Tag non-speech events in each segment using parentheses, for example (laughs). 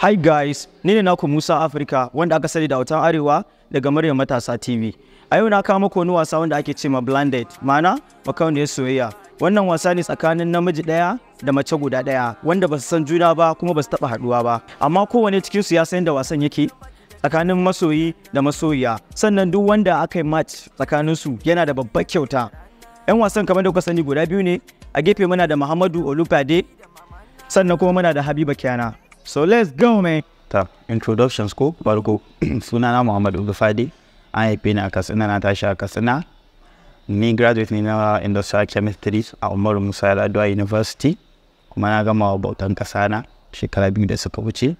Hi guys, ni ne naku Musa Africa wanda aka sani da autan Arewa daga Maryam Matasa TV. A yau na kawo muku wani wasa wanda ake cewa blinded, ma'ana makauniyar soyayya. Wannan wasa ne tsakanin namiji daya da mace guda ɗaya wanda ba su san juna ba kuma ba su taɓa haɗuwa ba. Amma kowane cikin su ya san da wasan yake tsakanin masoyi da masoyiya. Sannan duk wanda aka yi match tsakanin su yana da babbar kyauta. 'Yan wasan kamar da kuka sani guda biyu ne, a gefe muna da Muhammadu Olupade sannan kuma muna da Habiba Kyana. So let's go, man. Ta, introduction ko farko (clears throat) sunana Muhammad Ubufadi, an haife ni a Katsina na tashi a Katsina. Ni graduate ne na Industrial Chemistry a Umaru Musa Yar'adua University, kuma na gama wa bautan ƙasa na shekara biyu da suka wuce.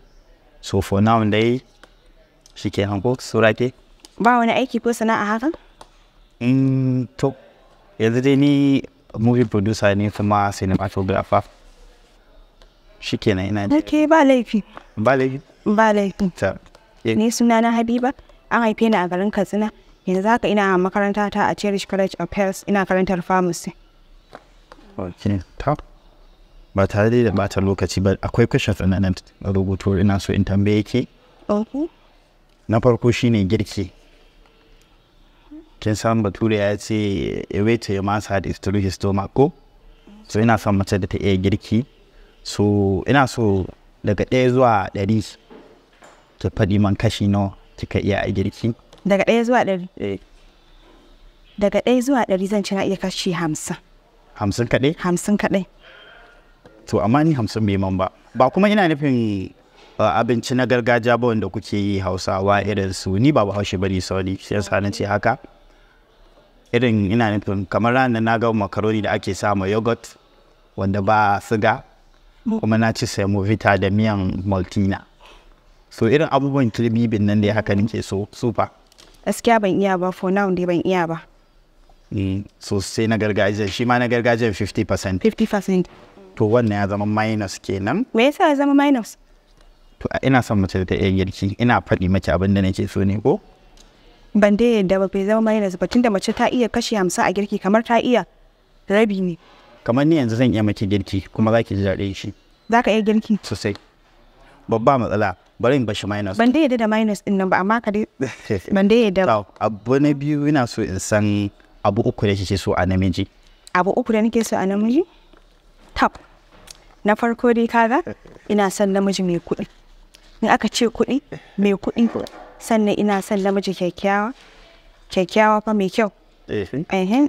So for now dai shi ke hanko surake. Ba wani aiki ko sana'a hakan? Mm, to, yanzu dai ni movie producer ne kuma cinematographer. shikenan ina da ke ba laifi ba laifi ba laifi ta eh. ni suna na habiba an haife ni a garin katsina yanzu haka ina a makaranta ta a cherish college of health ina karantar pharmacy ok ta ba tare da bata lokaci ba akwai questions ɗin nan rubutu ina so in tambaye ke na farko shine girki kin san bature ya ce a way to your man's heart is through his stomach ko so ina son mace da ta iya girki so ina so daga ɗaya zuwa ɗari ta faɗi man kashi na kika iya a girki daga ɗaya zuwa ɗari eh, daga ɗaya zuwa ɗari zan ci na iya kashi hamsin hamsin kaɗai hamsin kaɗai to amma ni hamsin bai man ba ba kuma ina nufin eh, abinci na gargajiya ba wanda kuke yi hausawa irin su ni ba bahaushe ba ne sauri sai yasa na ce haka irin ina nufin kamar ranar na ga makaroni da ake sa ma yogurt wanda ba siga kuma na ci vita da miyan maltina so irin abubuwan kilbibin nan da ya haka nake so super gaskiya ban iya ba for now dai ban iya ba mm, so sai na gargajiya shi ma na gargajiya 50% 50% to wannan ya zama minus kenan me yasa ya zama minus to ina son mace ta iya girki ina faɗi mace abin da nake so ne ko ban dai yadda ba bai zama minus ba tunda mace ta iya kashi hamsin a girki kamar ta iya rabi ne kamar ni yanzu zan iya maki girki kuma za ki ji daɗin shi za ka iya girki sosai babba matsala bari in bashi minus ban da yadda da minus din nan ba amma ka dai (laughs) ban da yadda abu na biyu ina so in san abu uku da kike so a namiji abu uku da nake so a namiji tap na farko dai kaga ina son namiji mai kuɗi in aka ce kuɗi mai kuɗi sannan ina son namiji kyakkyawa kyakkyawa fa mai kyau eh.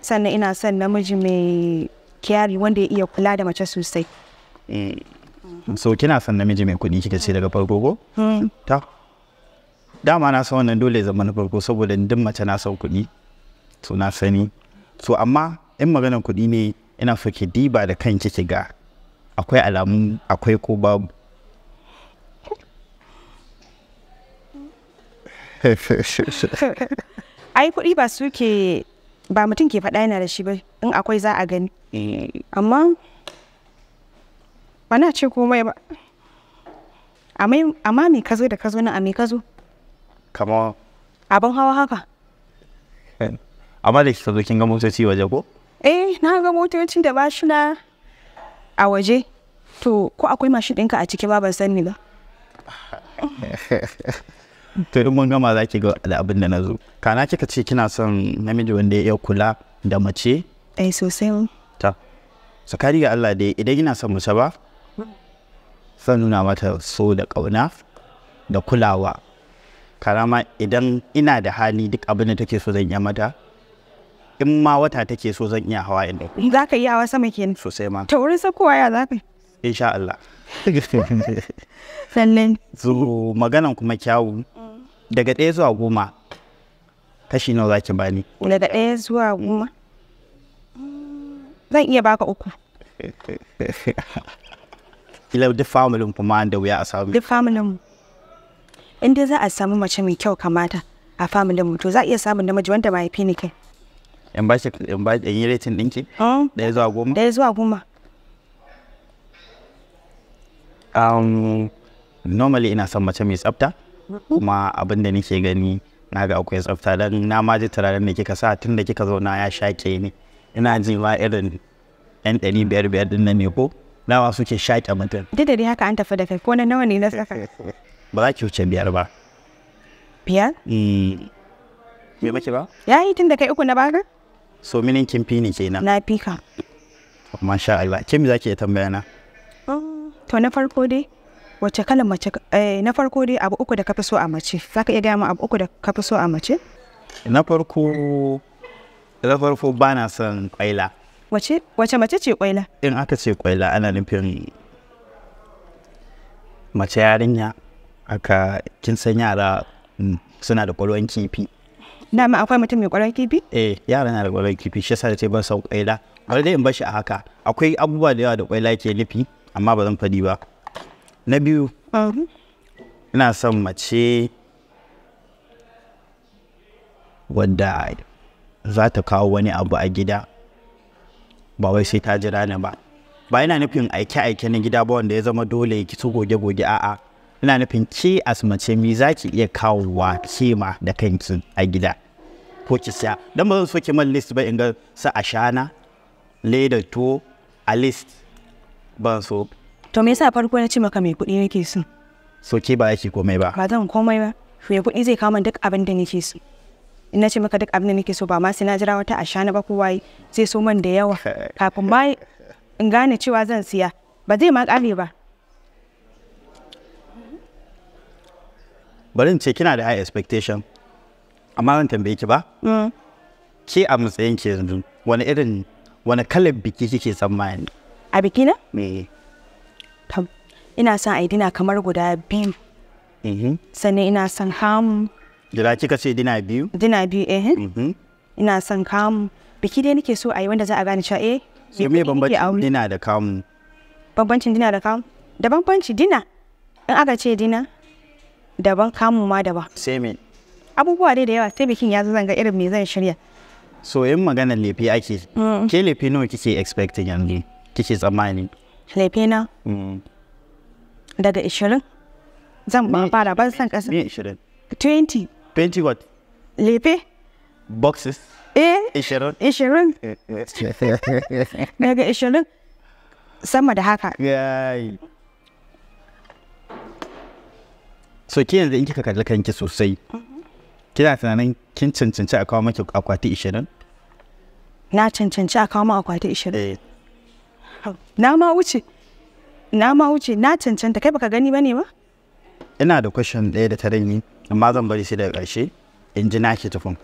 sannan ina son namiji mai kyari wanda ya iya kula da mace sosai mm. so kina son namiji mai kuɗi kika ce daga farko ko hmm, ta dama na san wannan dole zama na farko saboda duk mace na son kuɗi to na sani so amma in maganar kuɗi ne ina so ki diba da kanki kike ga akwai alamu akwai ko babu ai kuɗi ba su ke ba mutum ke faɗa yana da shi ba in akwai za a gani amma ba na ce komai ba amma me ka zo da ka zo nan a me ka zo kama abin hawa haka (laughs) amma da kika zo kin ga motoci waje ko eh na ga motocin da ba shi na a waje to ko akwai mashin ɗinka a ciki ba ban sani ba (laughs) to mun gama za ki ga da abin da na zo kana kika ce kina son namiji wanda ya kula da mace eh sosai ta sakari ga Allah dai idan kina son mace ba zan nuna mata so da ƙauna da kulawa karama idan ina da hali duk abin da take so zan iya mata in ma wata take so zan iya hawa inda za ka yi hawa sama kenan sosai ma ta wurin saukowa ya za ka insha Allah (laughs) sannan zu maganan kuma kyawu daga ɗaya zuwa goma kashi nawa zaki bani daga ɗaya zuwa goma zan iya baka uku (laughs) ila duk familin kuma da wuya a samu duk familin mu in dai za a samu mace mai kyau kamata a familin mu to za a iya samun namiji wanda ba ya fi ni kai in ba shi in ba in yi rating ɗinki ɗaya zuwa goma ɗaya zuwa goma um normally ina son mace mai tsafta kuma abin da nake gani na ga akwai tsafta don na ma ji turaren da kika sa tun da kika zauna ya shaƙe ni ina jin ma irin yan ɗari biyar biyar ɗin nan ne ko nawa suke shaƙe mutum duk da dai haka an tafi da kai ko na nawa ne na saka ba za ki wuce biyar ba biyar me eh. mace ba ya yi tun da kai uku na baka so minin kin fi ni kenan na fi ka masha Allah kin za ki tambaya na oh, to na farko dai wace kalan mace eh, na farko dai abu uku da ka fi so a mace za ka iya gaya abu uku da ka fi so a mace na farko na farko ba na son kwaila Wace mace ce kwaila? In aka ce kwaila ana nufin mace yarinya aka kin san yara mm, suna da kwalwan kifi. Na ma akwai mutum mai kwalwan kifi? Eh, yara na da kwalwan kifi shi yasa da ce ban san kwaila. Bari dai in bashi a haka. Akwai abubuwa da yawa da kwaila ke nufi amma ba zan fadi ba. Na biyu. Ina son mace wadda za ta kawo wani abu a gida ba wai sai ta jira ni ba ba yana nufin aike-aike na gida ba wanda ya zama dole ki su goge-goge a'a ina nufin ke asmace mi za ki iya kawowa kima da kanki a gida ko ki sa don ba zan so ki man list ba in ga sa ashana ledar to a list ba so to me yasa farko na ce maka mai kuɗi nake so so ke ba yake komai ba ba zan komai ba me kuɗi zai kama duk abin da nake so in na ce maka duk abin da nake so ba ma sai na jira wata na ba kowa sai so man da yawa kafin ma in gane cewa zan siya ba zai ma kare ba bari in ce kina da high expectation amma zan tambaye ki ba mm. ke a matsayin ke yanzu wani irin wani kalar biki kike tsammani a biki na me ina son aidina kamar guda biyu mm-hmm. sannan ina son ham Jira kika ce dina biyu? Dina biyu eh. Mhm. Ina son kamu. Biki dai nake so a yi wanda za a gane cewa eh. Sai me bambancin dina da kamu? Bambancin dina da kamu? Da bambanci dina. In aka ce dina daban kamu ma daban. Sai me? Abubuwa dai da yawa sai bikin ya zanga irin me zan shirya. So yin magana lefe ake. Mm. Ke lefe nawa kike expecting yanzu? Kike tsammani? Lefe na? Mm. Daga ishirin zan ba fara ban san kasa. Me ishirin? 20. 20 what? Lefe. Boxes. Eh. Ishirin. Ishirin. Daga ishirin. Sama da haka. Yayi. So ki yanzu in kika kalli kanki sosai. Kina tunanin kin cancanci a kawo maki akwati ishirin? Na cancanci a kawo maki akwati ishirin. Eh. Na ma wuce. Na ma wuce na cancanta kai baka gani bane ba? Ina da question ɗaya da ta ni. amma zan bari shi daga ƙarshe in ji naki tufin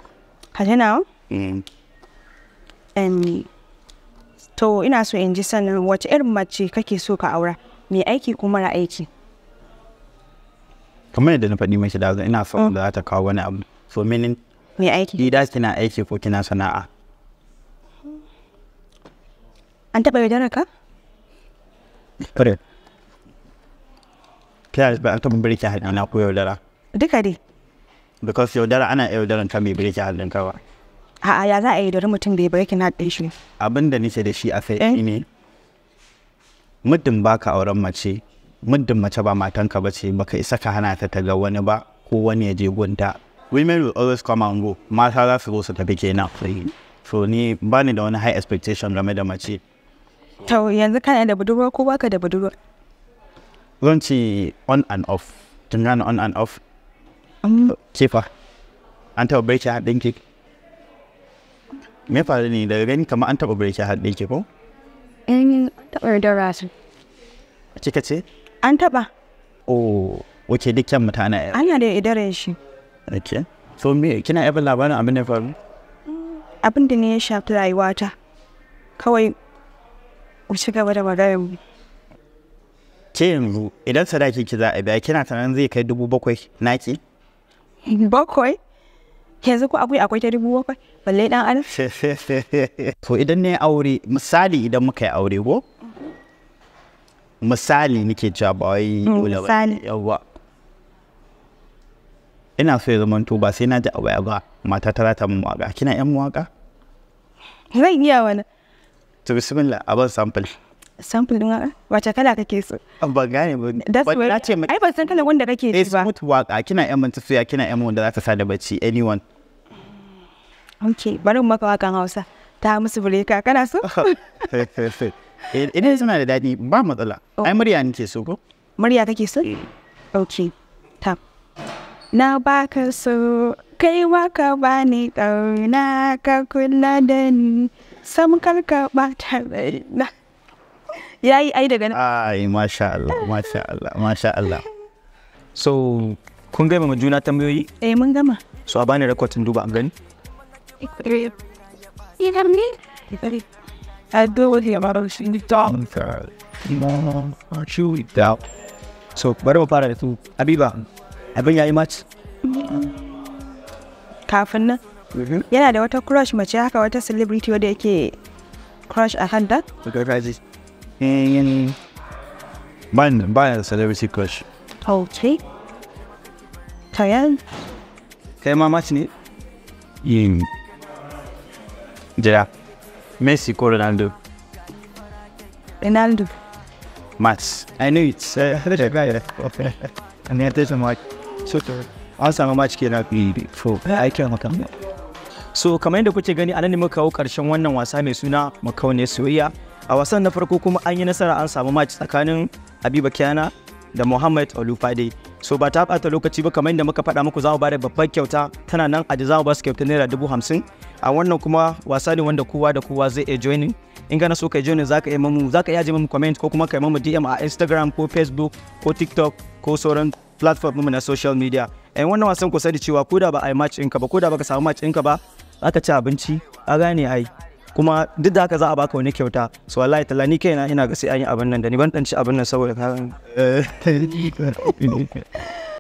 ka ji na mm. to ina so in ji sanin wace irin mace kake so ka aura mai aiki ko mara aiki kamar yadda na faɗi mai da ina son da mm. za ta kawo wani abu so meaning mai aiki gida kina aiki ko kina sana'a an taɓa yaudarar ka? kare kiyar ba an taɓa birki ki haɗi na ko yaudara duka dai because yaudara ana yaudaran ka mai breaking heart ɗin kawa a'a ya za a yi dori mutum bai breaking heart ɗin shi abin da nake da shi a sai eh? ne muddin baka auren mace muddin mace ba matanka ba ce baka isa ka hana ta ta ga wani ba ko wani ya je gunta women will always come and go mata za su go su tafi kenan so ni ba ni da wani high expectation game da mace to yanzu kana da budurwa ko baka da budurwa zan ce on and off tun on and off Cefa, An taɓa birki har ɗinki. Me faru ne daga gani kamar an taɓa birki har ɗinki ko? An taɓa da su. Kika ce? An taɓa. Oh, wace dukkan mutane. Ana da idaran shi. Okay. So me kina yaba labarin abin da faru? Abin da ne ya shafi rayuwata. Kawai ku ci gaba da maganar mu. Ke yanzu idan sadaki ki za a biya kina tunanin zai kai dubu bakwai naki? (laughs) bakwai yanzu ko akwai akwai ta dubu bakwai balle dan adam (laughs) to idan ne aure misali idan muka yi aure ko misali nake cewa ba wai mm, dole ba yawa ina so ya zama to ba sai na ji waya ba mata ta mun min waka kina yan waka zan iya wani to bismillah a ban sample sample din wace kala kake so ban gane ba that's ce mai. ai ban san kalan wanda kake ci ba smooth waka kina yan suya kina yan wanda zaka sa da bacci anyone okay bari mu maka wakan Hausa ta musu ka kana so (laughs) eh, idan suna da daɗi ba matsala ai oh. murya nake so ko murya kake so eh. okay ta na baka so kai waka ba ni ɗauna ka kula da ni sam karka ba ta na. yayi ai daga nan ai masha Allah masha Allah masha Allah so kun gama mu juna tambayoyi eh mun gama so a bani rekodin duba an gani so bari mu fara da su habiba abin yayi match kafin nan mm-hmm. yana da wata crush mace haka wata celebrity wadda yake crush a handa يعني Ban, باين celebrity crush. Tauci. Kayan. Kai ma ne? Yin. Jira. Messi Ronaldo? Ronaldo. اي I knew it. سوتر match kenan I can come. So kamar yadda kuke gani anan ne muka kawo karshen wannan wasa mai suna makaune soyayya a wasan na farko kuma an yi nasara an samu match tsakanin habiba kiana da Muhammad Olufade. So ba ta bata lokaci ba kamar yadda muka fada muku za mu bada babbar kyauta tana nan a da za mu ba kyauta naira dubu hamsin. A wannan kuma wasa ne wanda kowa da kowa zai iya joinin. In na so kai joinin za ka iya mamu za ka iya mamu comment ko kuma ka mamu DM a Instagram ko Facebook ko TikTok ko sauran platform mu na social media. Yan eh, wannan wasan ku sani cewa ko da ba a yi match ɗinka ba ko da ba ka samu match ɗinka ba za ka ci abinci a gane ai. kuma duk da haka za a baka wani kyauta so Allah talla ni kaina ina ga sai an yi abin nan da ni ban dan ci abin nan saboda ka eh, (laughs)